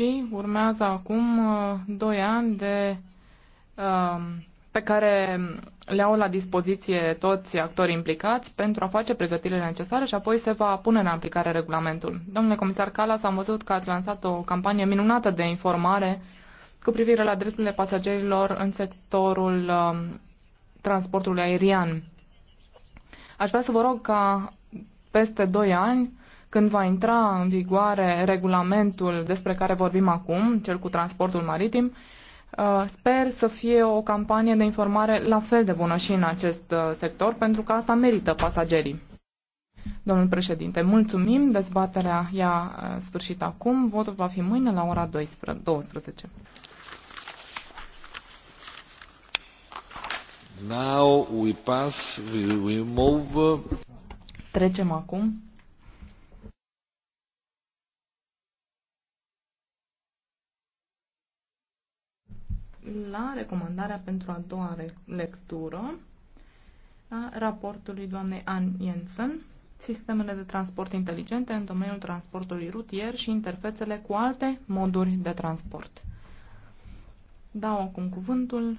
și urmează acum uh, doi ani de, um, pe care le au la dispoziție toți actorii implicați pentru a face pregătirile necesare și apoi se va pune în aplicare regulamentul. Domnule comisar Calas, am văzut că ați lansat o campanie minunată de informare cu privire la drepturile pasagerilor în sectorul um, transportului aerian. Aș vrea să vă rog ca peste doi ani când va intra în vigoare regulamentul despre care vorbim acum, cel cu transportul maritim, uh, Sper să fie o campanie de informare la fel de bună și în acest uh, sector, pentru că asta merită pasagerii. Domnul președinte, mulțumim. Dezbaterea ia uh, sfârșit acum. Votul va fi mâine la ora 12. Now we pass, we, we move. Trecem acum la recomandarea pentru a doua lectură a raportului doamnei Ann Jensen, sistemele de transport inteligente în domeniul transportului rutier și interfețele cu alte moduri de transport. Dau acum cuvântul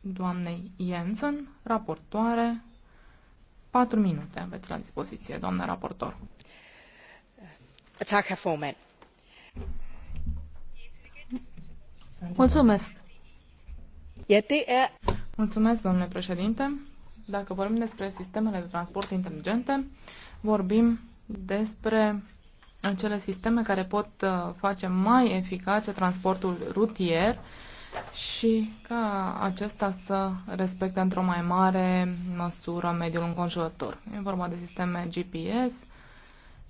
doamnei Jensen, raportoare. Patru minute aveți la dispoziție, doamna raportor. Tak, herr Formand. Mulțumesc. Mulțumesc, domnule președinte. Dacă vorbim despre sistemele de transport inteligente, vorbim despre acele sisteme care pot uh, face mai eficace transportul rutier și ca acesta să respecte într-o mai mare măsură mediul înconjurător. E vorba de sisteme GPS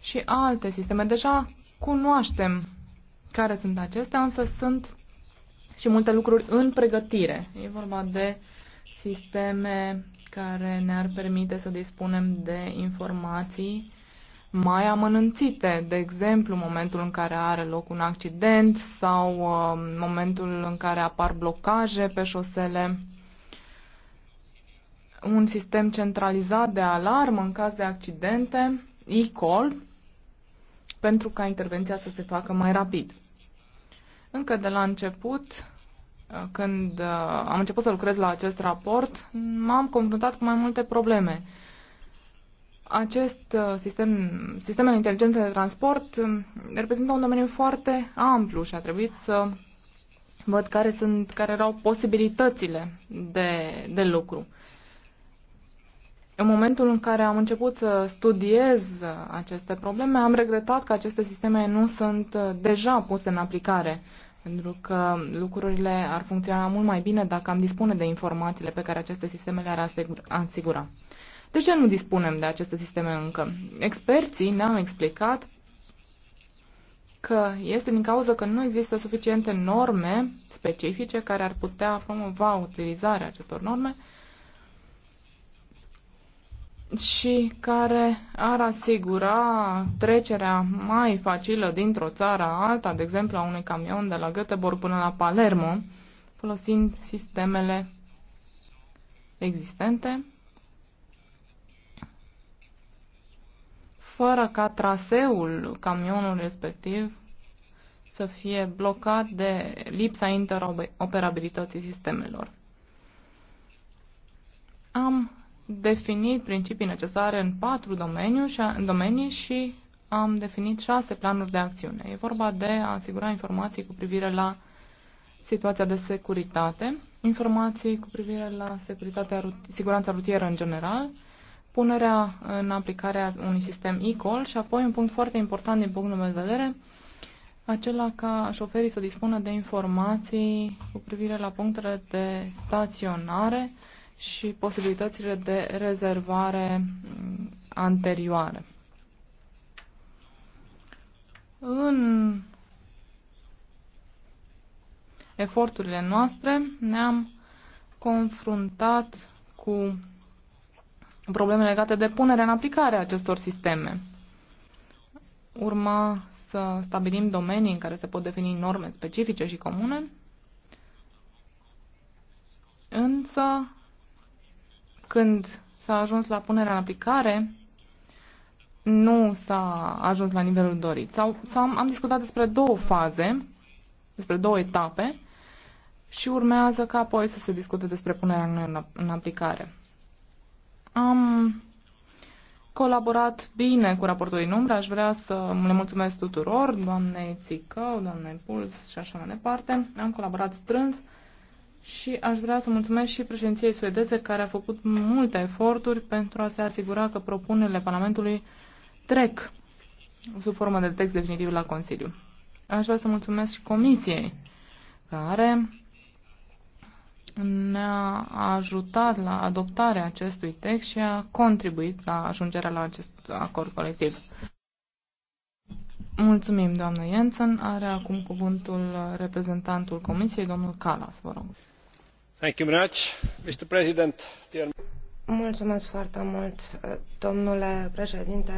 și alte sisteme. Deja cunoaștem care sunt acestea, însă sunt și multe lucruri în pregătire. E vorba de sisteme care ne-ar permite să dispunem de informații mai amănânțite, de exemplu momentul în care are loc un accident sau uh, momentul în care apar blocaje pe șosele, un sistem centralizat de alarmă în caz de accidente, e-call, pentru ca intervenția să se facă mai rapid. Încă de la început, uh, când uh, am început să lucrez la acest raport, m-am confruntat cu mai multe probleme. Acest uh, sistem, sistemele inteligente de transport um, reprezintă un domeniu foarte amplu și a trebuit să văd care, sunt, care erau posibilitățile de, de lucru. În momentul în care am început să studiez aceste probleme, am regretat că aceste sisteme nu sunt deja puse în aplicare. Pentru că lucrurile ar funcționa mult mai bine dacă am dispune de informațiile pe care aceste sisteme le-ar asigura. De ce nu dispunem de aceste sisteme încă? Experții ne-au explicat că este din cauza că nu există suficiente norme specifice care ar putea promova utilizarea acestor norme și care ar asigura trecerea mai facilă dintr-o țară a alta, de exemplu a unui camion de la Göteborg până la Palermo, folosind sistemele existente, fără ca traseul camionului respectiv să fie blocat de lipsa interoperabilității sistemelor. Am definit principii necesare în patru domenii și, în domenii și am definit șase planuri de acțiune. E vorba de a asigura informații cu privire la situația de securitate, informații cu privire la securitatea, siguranța rutieră în general, punerea în aplicare a unui sistem e-call și apoi un punct foarte important din punctul meu de vedere, acela ca șoferii să dispună de informații cu privire la punctele de staționare, și posibilitățile de rezervare mm, anterioare. În eforturile noastre ne-am confruntat cu probleme legate de punerea în aplicare a acestor sisteme. Urma să stabilim domenii în care se pot defini norme specifice și comune, însă când s-a ajuns la punerea în aplicare, nu s-a ajuns la nivelul dorit. Sau, sau am am discutat despre două faze, despre două etape și urmează ca apoi să se discute despre punerea în, în aplicare. Am colaborat bine cu raportorii în umbră, aș vrea să le mulțumesc tuturor, doamnei Țică, doamnei Puls și așa mai departe. Am colaborat strâns și aș vrea să mulțumesc și președinției suedeze care a făcut multe eforturi pentru a se asigura că propunerile Parlamentului trec sub formă de text definitiv la Consiliu. Aș vrea să mulțumesc și Comisiei care ne-a ajutat la adoptarea acestui text și a contribuit la ajungerea la acest acord colectiv. Mulțumim, doamnă Jensen. Are acum cuvântul reprezentantul Comisiei, domnul Calas, vă rog. Thank you very much, Mr. President. Dear... Mulțumesc foarte mult, domnule președinte,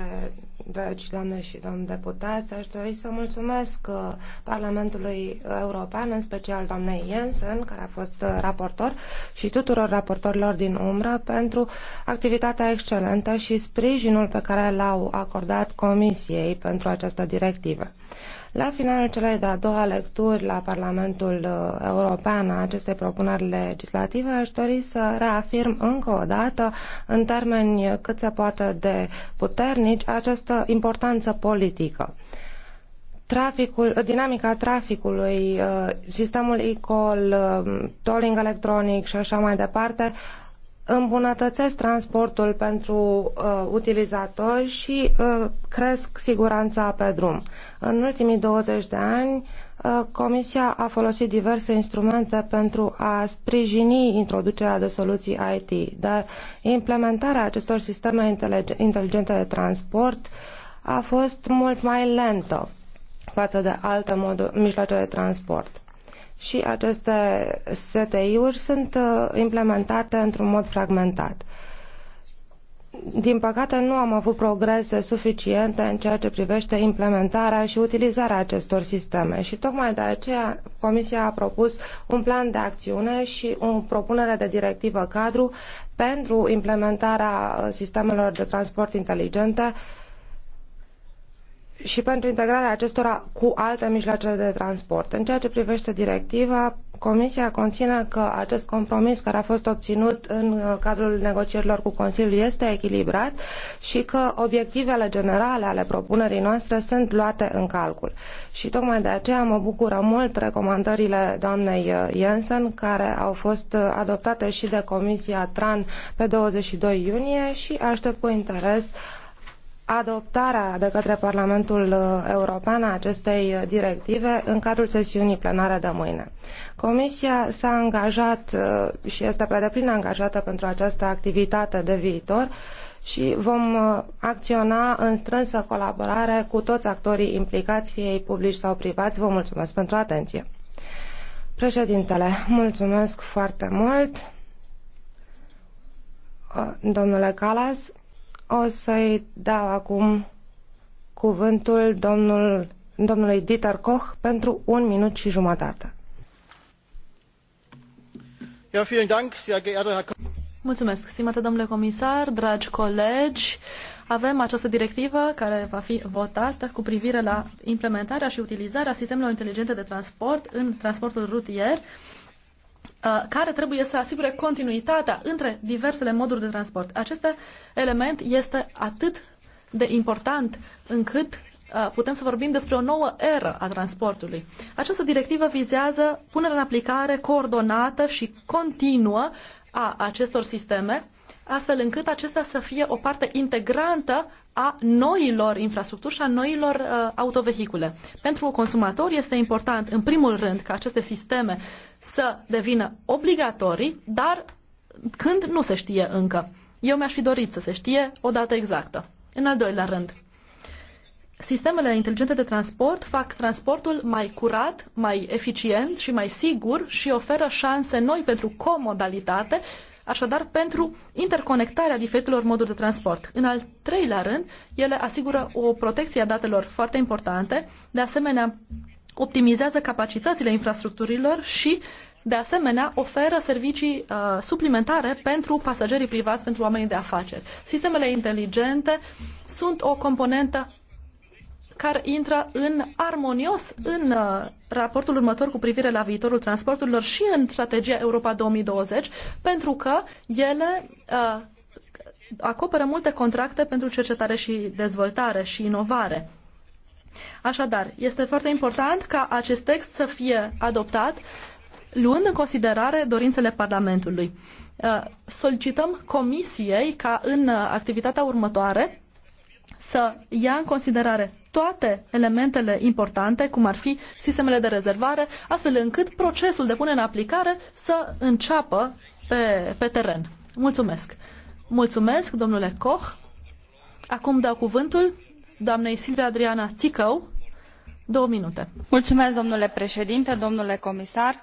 dragi doamne și domn deputați. Aș dori să mulțumesc uh, Parlamentului European, în special doamnei Jensen, care a fost uh, raportor, și tuturor raportorilor din umbră pentru activitatea excelentă și sprijinul pe care l-au acordat Comisiei pentru această directivă. La finalul celei de-a doua lecturi la Parlamentul uh, European a acestei propuneri legislative, aș dori să reafirm încă o dată, în termeni cât se poate de puternici, această importanță politică traficul, dinamica traficului, uh, sistemul e-call, uh, tolling electronic și așa mai departe, îmbunătățesc transportul pentru uh, utilizatori și uh, cresc siguranța pe drum. În ultimii 20 de ani, uh, Comisia a folosit diverse instrumente pentru a sprijini introducerea de soluții IT, dar implementarea acestor sisteme inteligente de transport a fost mult mai lentă față de alte moduri, mijloace de transport și aceste STI-uri sunt uh, implementate într-un mod fragmentat. Din păcate, nu am avut progrese suficiente în ceea ce privește implementarea și utilizarea acestor sisteme și tocmai de aceea Comisia a propus un plan de acțiune și o propunere de directivă cadru pentru implementarea uh, sistemelor de transport inteligente uh, și pentru integrarea acestora cu alte mijloace de transport. În ceea ce privește directiva, Comisia conține că acest compromis care a fost obținut în uh, cadrul negocierilor cu Consiliul este echilibrat și că obiectivele generale ale propunerii noastre sunt luate în calcul. Și tocmai de aceea mă bucură mult recomandările doamnei uh, Jensen, care au fost uh, adoptate și de Comisia TRAN pe 22 iunie și aștept cu interes adoptarea de către Parlamentul uh, European a acestei uh, directive în cadrul sesiunii plenare de mâine. Comisia s-a angajat uh, și este pe deplin angajată pentru această activitate de viitor și vom acționa în strânsă colaborare cu toți actorii implicați, fie ei publici sau privați. Vă mulțumesc pentru atenție. Președintele, mulțumesc foarte mult. Domnule Calas, o să-i dau acum cuvântul domnul, domnului Dieter Koch pentru un minut și jumătate. Ja, vielen Dank, sehr geehrter Herr Mulțumesc, stimate domnule comisar, dragi colegi. Avem această directivă care va fi votată cu privire la implementarea și utilizarea sistemelor inteligente de transport în transportul rutier. Uh, care trebuie să asigure continuitatea între diversele moduri de transport. Acest element este atât de important încât uh, putem să vorbim despre o nouă eră a transportului. Această directivă vizează punerea în aplicare coordonată și continuă a acestor sisteme astfel încât acesta să fie o parte integrantă a noilor infrastructuri și a noilor uh, autovehicule. Pentru consumator este important, în primul rând, ca aceste sisteme să devină obligatorii, dar când nu se știe încă. Eu mi-aș fi dorit să se știe o dată exactă. În al doilea rând, sistemele inteligente de transport fac transportul mai curat, mai eficient și mai sigur și oferă șanse noi pentru comodalitate așadar pentru interconectarea diferitelor moduri de transport. În al treilea rând, ele asigură o protecție a datelor foarte importante, de asemenea optimizează capacitățile infrastructurilor și de asemenea, oferă servicii uh, suplimentare pentru pasagerii privați, pentru oamenii de afaceri. Sistemele inteligente sunt o componentă care intră în armonios în uh, raportul următor cu privire la viitorul transporturilor și în strategia Europa 2020, pentru că ele uh, acoperă multe contracte pentru cercetare și dezvoltare și inovare. Așadar, este foarte important ca acest text să fie adoptat luând în considerare dorințele Parlamentului. Uh, solicităm Comisiei ca în uh, activitatea următoare să ia în considerare toate elementele importante, cum ar fi sistemele de rezervare, astfel încât procesul de punere în aplicare să înceapă pe, pe teren. Mulțumesc! Mulțumesc, domnule Koch. Acum dau cuvântul doamnei Silvia Adriana Țicău. Două minute. Mulțumesc, domnule președinte, domnule comisar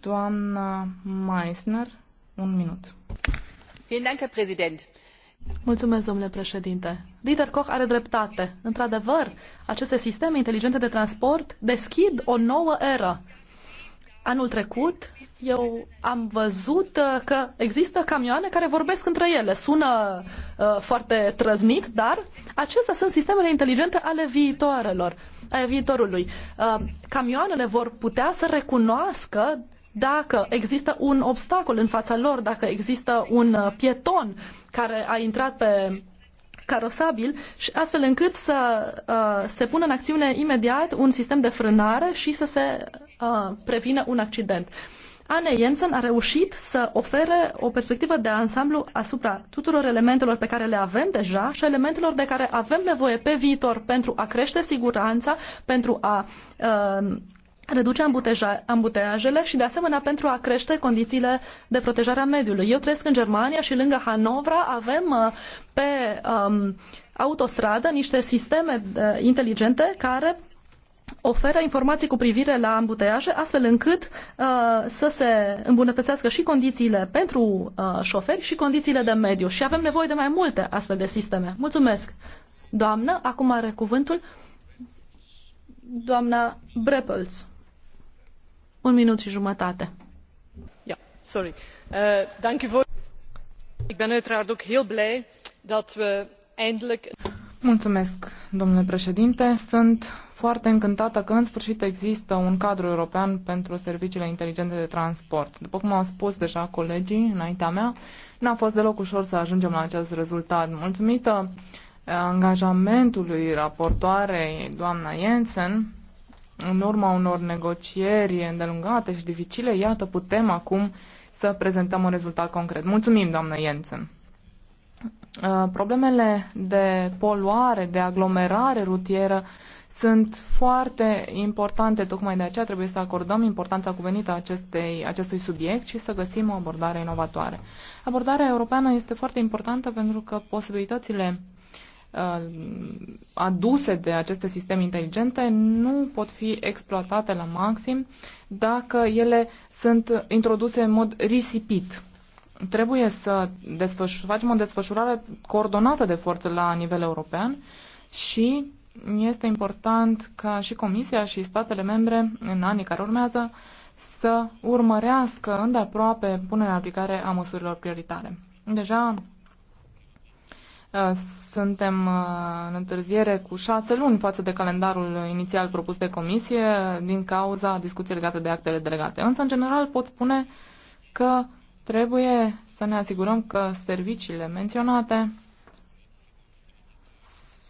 Doamna un minut. Mulțumesc, domnule președinte. Dieter Koch are dreptate. Într-adevăr, aceste sisteme inteligente de transport deschid o nouă eră. Anul trecut, eu am văzut uh, că există camioane care vorbesc între ele. Sună uh, foarte trăznit, dar acestea sunt sistemele inteligente ale viitoarelor, ale viitorului. Uh, camioanele vor putea să recunoască dacă există un obstacol în fața lor, dacă există un uh, pieton care a intrat pe carosabil și astfel încât să uh, se pună în acțiune imediat un sistem de frânare și să se uh, prevină un accident. Anne Jensen a reușit să ofere o perspectivă de ansamblu asupra tuturor elementelor pe care le avem deja și elementelor de care avem nevoie pe viitor pentru a crește siguranța, pentru a uh, reduce ambuteajele și, de asemenea, pentru a crește condițiile de protejare a mediului. Eu trăiesc în Germania și lângă Hanovra avem uh, pe um, autostradă niște sisteme uh, inteligente care oferă informații cu privire la ambuteiaje, astfel încât uh, să se îmbunătățească și condițiile pentru uh, șoferi și condițiile de mediu. Și avem nevoie de mai multe astfel de sisteme. Mulțumesc! Doamnă, acum are cuvântul doamna Brepelț. Eh, Ik ben uiteraard ook heel blij dat we eindelijk... Mulțumesc, domnule președinte. Sunt foarte încântată că în sfârșit există un cadru european pentru serviciile inteligente de transport. După cum au spus deja colegii înaintea mea, n-a fost deloc ușor să ajungem la acest rezultat. Mulțumită eh, angajamentului raportoarei doamna Jensen, în urma unor negocieri îndelungate și dificile, iată, putem acum să prezentăm un rezultat concret. Mulțumim, doamnă Jensen. Uh, problemele de poluare, de aglomerare rutieră sunt foarte importante, tocmai de aceea trebuie să acordăm importanța cuvenită acestei, acestui subiect și să găsim o abordare inovatoare. Abordarea europeană este foarte importantă pentru că posibilitățile Uh, aduse de aceste sisteme inteligente nu pot fi exploatate la maxim dacă ele sunt introduse în mod risipit. Trebuie să facem o desfășurare coordonată de forțe la nivel european și este important ca și Comisia și statele membre în anii care urmează să urmărească îndeaproape punerea în aplicare a măsurilor prioritare. Deja Uh, suntem uh, în întârziere cu șase luni față de calendarul inițial propus de comisie din cauza discuției legate de actele delegate. Însă, în general, pot spune că trebuie să ne asigurăm că serviciile menționate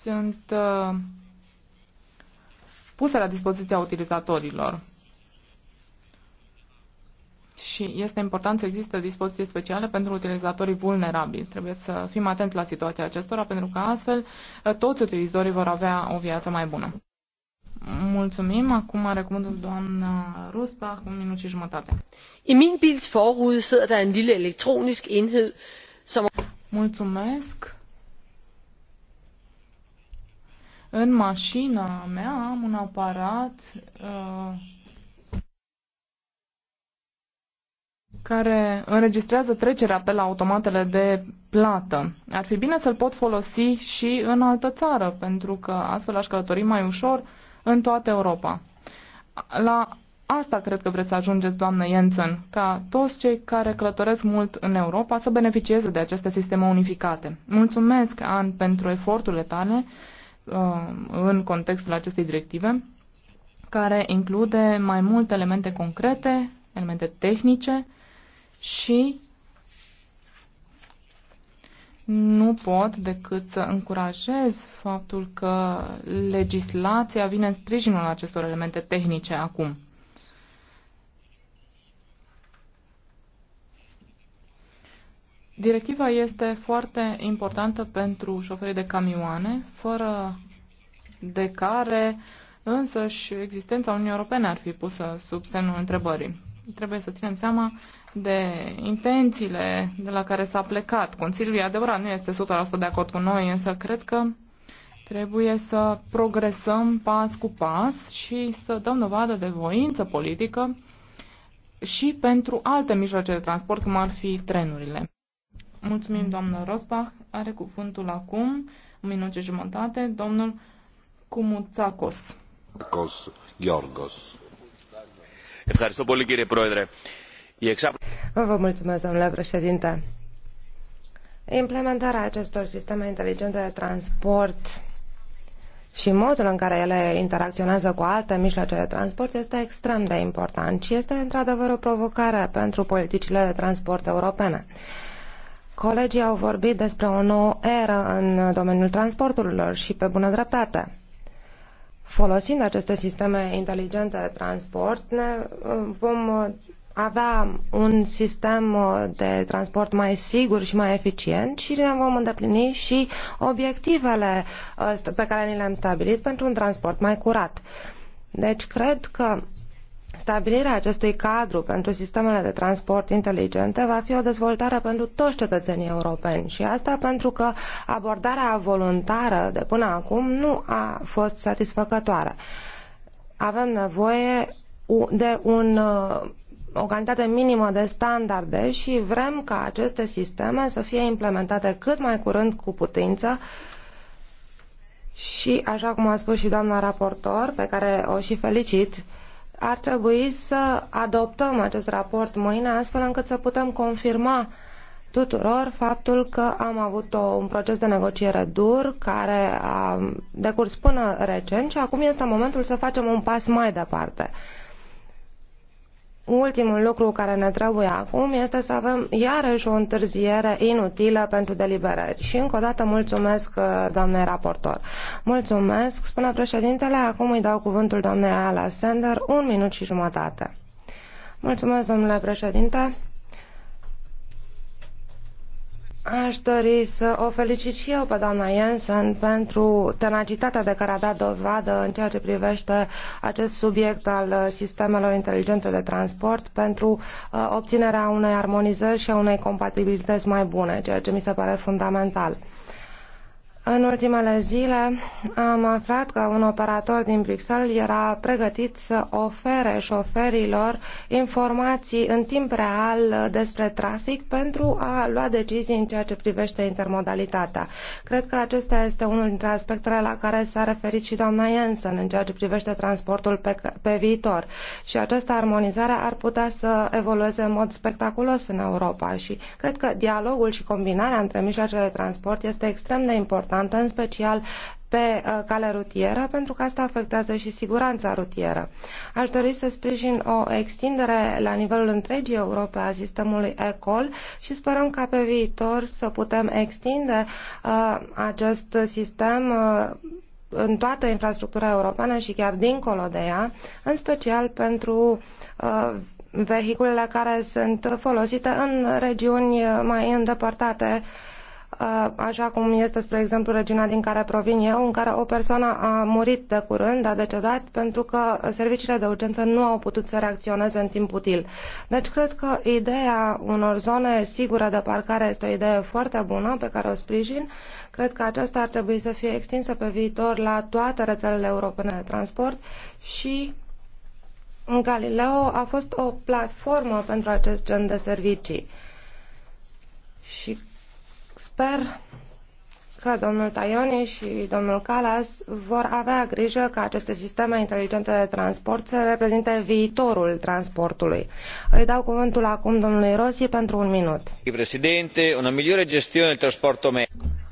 sunt uh, puse la dispoziția utilizatorilor și este important să existe dispoziții speciale pentru utilizatorii vulnerabili. Trebuie să fim atenți la situația acestora pentru că astfel ă, toți utilizatorii vor avea o viață mai bună. Mulțumim. Acum are cuvântul doamna Ruspa, un minut și jumătate. În min bils forrude sidder der en lille elektronisk enhed, som... Mulțumesc. În mașina mea am un aparat uh, care înregistrează trecerea pe la automatele de plată. Ar fi bine să-l pot folosi și în altă țară, pentru că astfel aș călători mai ușor în toată Europa. La asta cred că vreți să ajungeți, doamnă Jensen, ca toți cei care călătoresc mult în Europa să beneficieze de aceste sisteme unificate. Mulțumesc, An, pentru eforturile tale uh, în contextul acestei directive, care include mai multe elemente concrete, elemente tehnice, și nu pot decât să încurajez faptul că legislația vine în sprijinul acestor elemente tehnice acum. Directiva este foarte importantă pentru șoferii de camioane, fără de care însăși existența Uniunii Europene ar fi pusă sub semnul întrebării. Trebuie să ținem seama de intențiile de la care s-a plecat. Consiliul, e adevărat, nu este 100% de acord cu noi, însă cred că trebuie să progresăm pas cu pas și să dăm dovadă de voință politică și pentru alte mijloace de transport, cum ar fi trenurile. Mulțumim, doamnă Rosbach. Are cuvântul acum, un minut și jumătate, domnul Kumutsakos. Kumutsakos, Gheorgos. Ευχαριστώ πολύ κύριε Πρόεδρε. Exact- vă mulțumesc, Implementarea acestor sisteme inteligente de transport și modul în care ele interacționează cu alte mijloace de transport este extrem de important și este într-adevăr o provocare pentru politicile de transport europene. Colegii au vorbit despre o nouă eră în domeniul transporturilor și pe bună dreptate. Folosind aceste sisteme inteligente de transport, ne uh, vom avea un sistem uh, de transport mai sigur și mai eficient și ne vom îndeplini și obiectivele uh, pe care ni le-am stabilit pentru un transport mai curat. Deci cred că Stabilirea acestui cadru pentru sistemele de transport inteligente va fi o dezvoltare pentru toți cetățenii europeni și asta pentru că abordarea voluntară de până acum nu a fost satisfăcătoare. Avem nevoie de un uh, o cantitate minimă de standarde și vrem ca aceste sisteme să fie implementate cât mai curând cu putință și, așa cum a spus și doamna raportor, pe care o și felicit, ar trebui să adoptăm acest raport mâine astfel încât să putem confirma tuturor faptul că am avut o, un proces de negociere dur care a decurs până recent și acum este momentul să facem un pas mai departe. Ultimul lucru care ne trebuie acum este să avem iarăși o întârziere inutilă pentru deliberări. Și încă o dată mulțumesc, uh, doamne raportor. Mulțumesc, spune președintele, acum îi dau cuvântul doamnei Ala Sender, un minut și jumătate. Mulțumesc, domnule președinte. Aș dori să o felicit și eu pe doamna Jensen pentru tenacitatea de care a dat dovadă în ceea ce privește acest subiect al sistemelor inteligente de transport pentru uh, obținerea unei armonizări și a unei compatibilități mai bune, ceea ce mi se pare fundamental. În ultimele zile am aflat că un operator din Bruxelles era pregătit să ofere șoferilor informații în timp real despre trafic pentru a lua decizii în ceea ce privește intermodalitatea. Cred că acesta este unul dintre aspectele la care s-a referit și doamna Jensen în ceea ce privește transportul pe, pe viitor. Și această armonizare ar putea să evolueze în mod spectaculos în Europa și cred că dialogul și combinarea între mijloacele de transport este extrem de important importantă, în special pe uh, cale rutieră, pentru că asta afectează și siguranța rutieră. Aș dori să sprijin o extindere la nivelul întregii Europe a sistemului ECOL și sperăm ca pe viitor să putem extinde uh, acest sistem uh, în toată infrastructura europeană și chiar dincolo de ea, în special pentru uh, vehiculele care sunt folosite în regiuni uh, mai îndepărtate uh, așa cum este, spre exemplu, regiunea din care provin eu, în care o persoană a murit de curând, a decedat, pentru că serviciile de urgență nu au putut să reacționeze în timp util. Deci cred că ideea unor zone sigure de parcare este o idee foarte bună pe care o sprijin. Cred că aceasta ar trebui să fie extinsă pe viitor la toate rețelele europene de transport și Galileo a fost o platformă pentru acest gen de servicii. Și Sper că domnul Tajoni și domnul Kallas vor avea grijă ca aceste sisteme inteligente de transport să reprezinte viitorul transportului. Îi dau cuvântul acum domnului Rossi pentru un minut. Președinte, o migliore gestiune del trasporto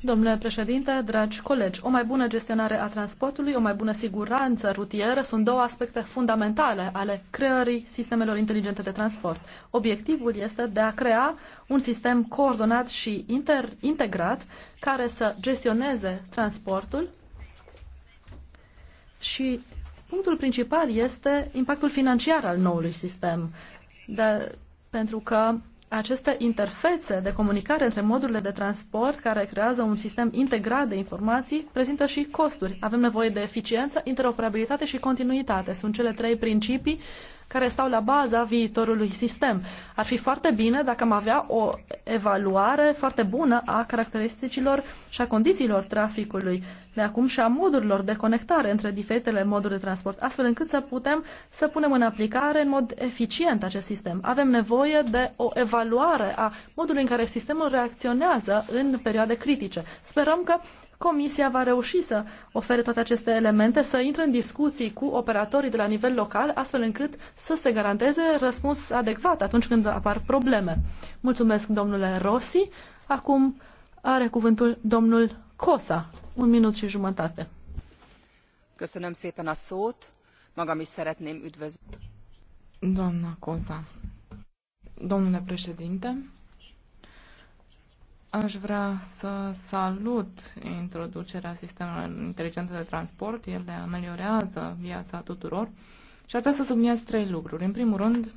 Domnule președinte, dragi colegi, o mai bună gestionare a transportului, o mai bună siguranță rutieră sunt două aspecte fundamentale ale creării sistemelor inteligente de transport. Obiectivul este de a crea un sistem coordonat și inter- integrat care să gestioneze transportul și punctul principal este impactul financiar al noului sistem. De, pentru că aceste interfețe de comunicare între modurile de transport care creează un sistem integrat de informații prezintă și costuri. Avem nevoie de eficiență, interoperabilitate și continuitate. Sunt cele trei principii care stau la baza viitorului sistem. Ar fi foarte bine dacă am avea o evaluare foarte bună a caracteristicilor și a condițiilor traficului de acum și a modurilor de conectare între diferitele moduri de transport, astfel încât să putem să punem în aplicare în mod eficient acest sistem. Avem nevoie de o evaluare a modului în care sistemul reacționează în perioade critice. Sperăm că Comisia va reuși să ofere toate aceste elemente, să intre în discuții cu operatorii de la nivel local, astfel încât să se garanteze răspuns adecvat atunci când apar probleme. Mulțumesc, domnule Rossi. Acum are cuvântul domnul Cosa. Un minut și jumătate. Köszönöm szépen a szót. Magam is szeretném üdvözlni. Doamna Cosa. Domnule președinte, Aș vrea să salut introducerea sistemelor inteligente de transport. Ele ameliorează viața tuturor și ar vrea să subliniez trei lucruri. În primul rând,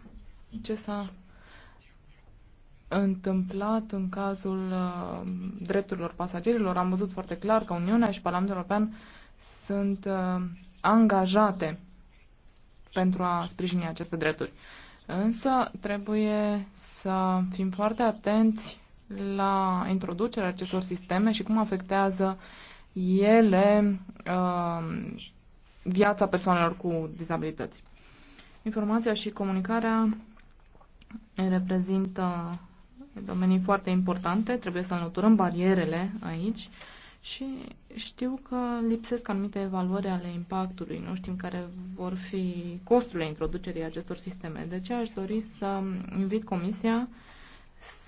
ce s-a întâmplat în cazul uh, drepturilor pasagerilor. Am văzut foarte clar că Uniunea și Parlamentul European sunt uh, angajate pentru a sprijini aceste drepturi. Însă trebuie să fim foarte atenți la introducerea acestor sisteme și cum afectează ele uh, viața persoanelor cu dizabilități. Informația și comunicarea reprezintă domenii foarte importante, trebuie să înlăturăm barierele aici și știu că lipsesc anumite evaluări ale impactului, nu știm care vor fi costurile introducerii acestor sisteme. De deci ce aș dori să invit Comisia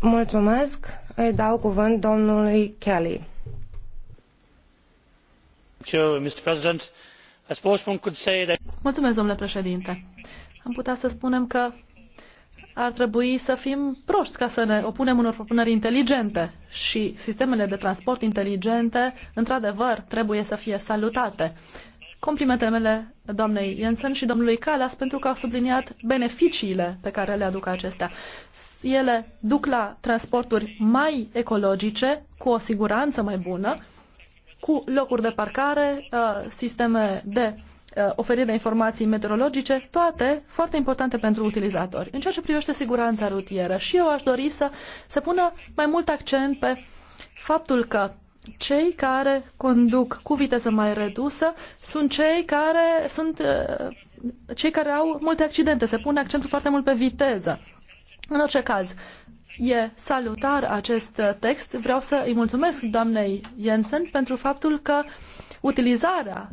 Mulțumesc. Îi dau cuvânt domnului Kelly. Mulțumesc, domnule președinte. Am putea să spunem că ar trebui să fim proști ca să ne opunem unor propuneri inteligente și sistemele de transport inteligente, într-adevăr, trebuie să fie salutate complimentele mele doamnei Jensen și domnului Calas pentru că au subliniat beneficiile pe care le aduc acestea. Ele duc la transporturi mai ecologice, cu o siguranță mai bună, cu locuri de parcare, uh, sisteme de uh, oferire de informații meteorologice, toate foarte importante pentru utilizatori. În ceea ce privește siguranța rutieră, și eu aș dori să se pună mai mult accent pe faptul că cei care conduc cu viteză mai redusă sunt cei care sunt eh, cei care au multe accidente. Se pune accentul foarte mult pe viteză. În orice caz, e salutar acest text. Vreau să îi mulțumesc doamnei Jensen pentru faptul că utilizarea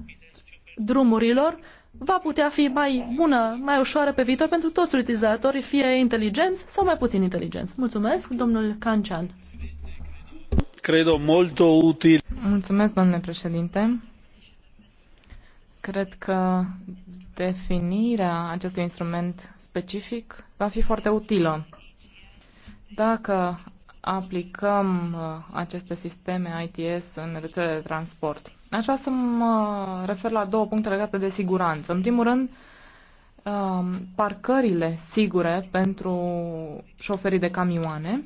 drumurilor va putea fi mai bună, mai ușoară pe viitor pentru toți utilizatorii, fie inteligenți sau mai puțin inteligenți. Mulțumesc, domnul Cancian credo molto util. Mulțumesc, domnule președinte. Cred că definirea acestui instrument specific va fi foarte utilă. Dacă aplicăm uh, aceste sisteme ITS în rețelele de transport. Aș vrea să mă refer la două puncte legate de siguranță. În primul rând, uh, parcările sigure pentru șoferii de camioane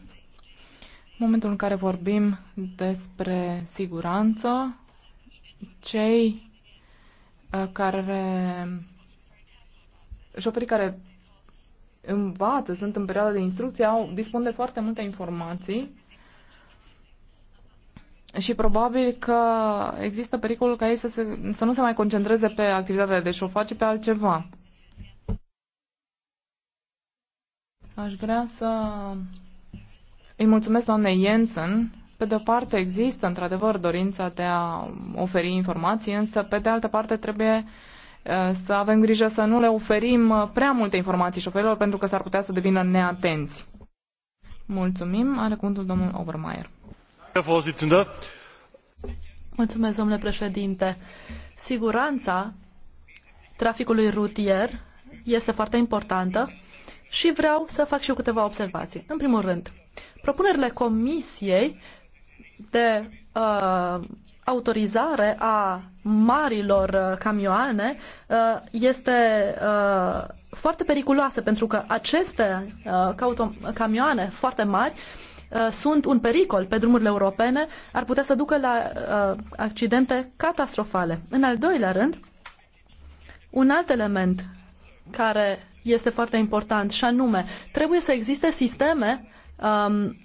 momentul în care vorbim despre siguranță, cei uh, care șoferii care învață, sunt în perioada de instrucție, au, dispun de foarte multe informații și probabil că există pericolul ca ei să, se, să nu se mai concentreze pe activitatea de șofat, ci pe altceva. Aș vrea să îi mulțumesc doamnei Jensen. Pe de o parte există într-adevăr dorința de a oferi informații, însă pe de altă parte trebuie uh, să avem grijă să nu le oferim uh, prea multe informații șoferilor pentru că s-ar putea să devină neatenți. Mulțumim. Are cuvântul domnul Obermeier. Mulțumesc, domnule președinte. Siguranța traficului rutier este foarte importantă și vreau să fac și eu câteva observații. În primul rând, Propunerile Comisiei de uh, autorizare a marilor uh, camioane uh, este uh, foarte periculoasă pentru că aceste uh, camioane foarte mari uh, sunt un pericol pe drumurile europene, ar putea să ducă la uh, accidente catastrofale. În al doilea rând, un alt element care este foarte important și anume, trebuie să existe sisteme um,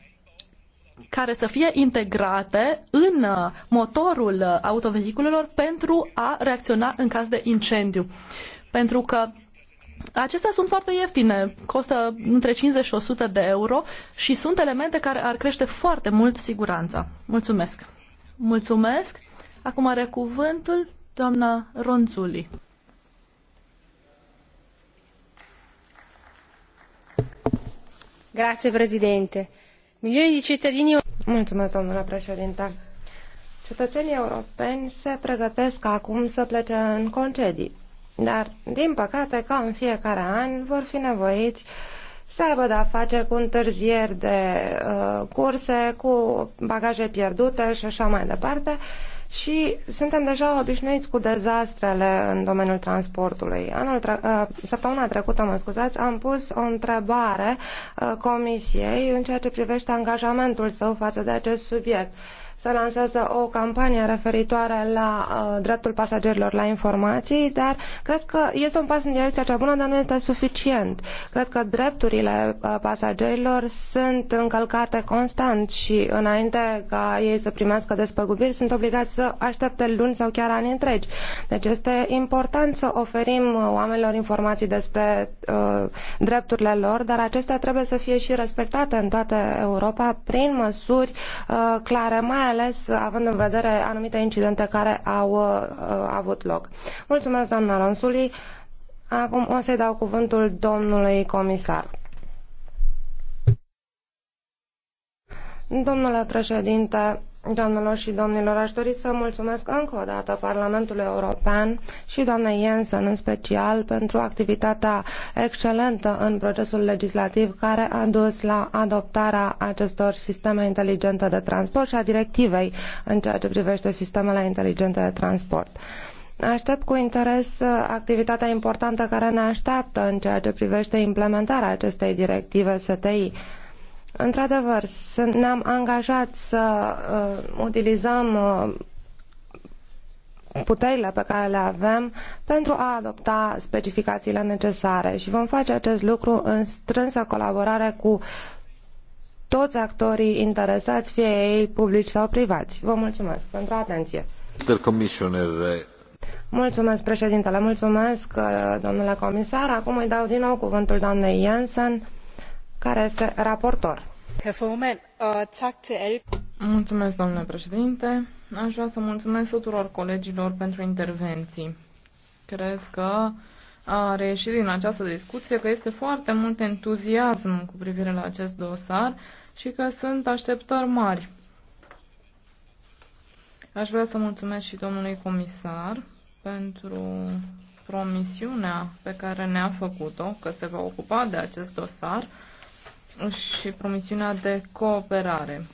care să fie integrate în uh, motorul uh, autovehiculelor pentru a reacționa în caz de incendiu. Pentru că Acestea sunt foarte ieftine, costă între 50 și 100 de euro și sunt elemente care ar crește foarte mult siguranța. Mulțumesc! Mulțumesc! Acum are cuvântul doamna Ronțuli. Milioane de Mulțumesc, domnule președinte. Cetățenii europeni se pregătesc acum să plece în concedii, dar, din păcate, ca în fiecare an, vor fi nevoiți să aibă de-a face cu întârzieri de uh, curse, cu bagaje pierdute și așa mai departe, și suntem deja obișnuiți cu dezastrele în domeniul transportului. Anul tre- uh, săptămâna trecută, mă scuzați, am pus o întrebare uh, comisiei în ceea ce privește angajamentul său față de acest subiect să lanseze o campanie referitoare la uh, dreptul pasagerilor la informații, dar cred că este un pas în direcția cea bună, dar nu este suficient. Cred că drepturile uh, pasagerilor sunt încălcate constant și înainte ca ei să primească despăgubiri sunt obligați să aștepte luni sau chiar ani întregi. Deci este important să oferim uh, oamenilor informații despre uh, drepturile lor, dar acestea trebuie să fie și respectate în toată Europa prin măsuri uh, clare, mai ales având în vedere anumite incidente care au uh, uh, avut loc. Mulțumesc, doamna Ronsuli. Acum o să-i dau cuvântul domnului comisar. Domnule președinte, Doamnelor și domnilor, aș dori să mulțumesc încă o dată Parlamentului European și doamnei Jensen în special pentru activitatea excelentă în procesul legislativ care a dus la adoptarea acestor sisteme inteligente de transport și a directivei în ceea ce privește sistemele inteligente de transport. Aștept cu interes activitatea importantă care ne așteaptă în ceea ce privește implementarea acestei directive STI Într-adevăr, ne-am angajat să uh, utilizăm uh, puterile pe care le avem pentru a adopta specificațiile necesare și vom face acest lucru în strânsă colaborare cu toți actorii interesați, fie ei publici sau privați. Vă mulțumesc pentru atenție. Eh. Mulțumesc, președintele. Mulțumesc, eh, domnule comisar. Acum îi dau din nou cuvântul doamnei Jensen care este raportor. a uh, domnule vrea să mulumesc tuturor colegilor pentru intervenii. Cred că a reieșit din această discuție că este foarte mult entuziasm cu privire la acest dosar și că sunt așteptări mari. Aș vrea să mulțumesc și domnului comisar pentru promisiunea pe care ne-a făcut-o că se va ocupa de acest dosar și promisiunea de cooperare.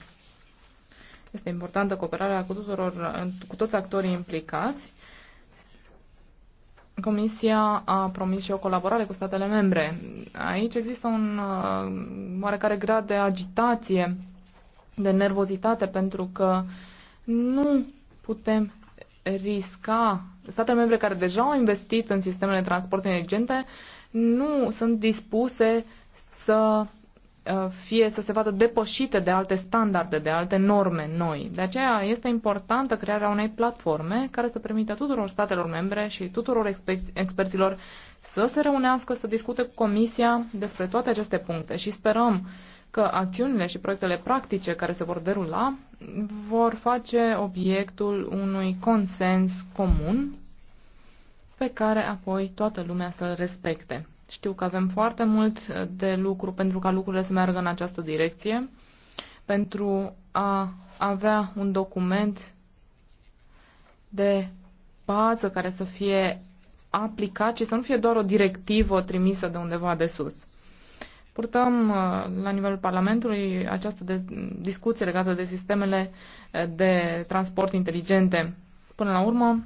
Este importantă cooperarea cu, tuturor, cu toți actorii implicați. Comisia a promis și o colaborare cu statele membre. Aici există un uh, oarecare grad de agitație, de nervozitate, pentru că nu putem risca. Statele membre care deja au investit în sistemele de transport inteligente nu sunt dispuse să Uh, fie să se vadă depășite de alte standarde, de alte norme noi. De aceea este importantă crearea unei platforme care să permită tuturor statelor membre și tuturor exper experților să se reunească, să discute cu Comisia despre toate aceste puncte și sperăm că acțiunile și proiectele practice care se vor derula vor face obiectul unui consens comun pe care apoi toată lumea să-l respecte. Știu că avem foarte mult uh, de lucru pentru ca lucrurile să meargă în această direcție, pentru a avea un document de bază care să fie aplicat și să nu fie doar o directivă trimisă de undeva de sus. Purtăm uh, la nivelul Parlamentului această de- discuție legată de sistemele uh, de transport inteligente. Până la urmă,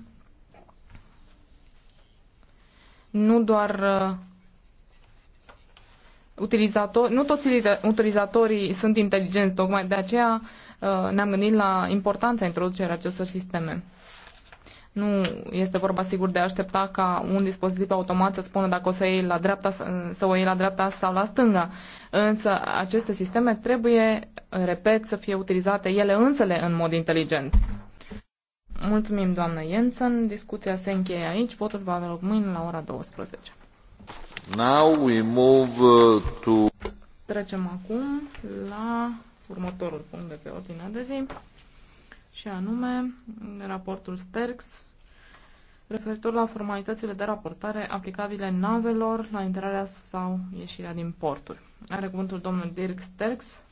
nu doar utilizatori, nu toți utilizatorii sunt inteligenți, tocmai de aceea uh, ne-am gândit la importanța introducerii acestor sisteme. Nu este vorba sigur de a aștepta ca un dispozitiv automat să spună dacă o să, iei la dreapta, să o iei la dreapta sau la stânga. Însă aceste sisteme trebuie, repet, să fie utilizate ele însele în mod inteligent. Mulțumim, doamnă Jensen. Discuția se încheie aici. Votul va avea loc mâine la ora 12. Now we move uh, to... Trecem acum la următorul punct de pe ordinea de zi și anume raportul Sterks referitor la formalitățile de raportare aplicabile navelor la intrarea sau ieșirea din porturi. Are cuvântul domnul Dirk Sterks,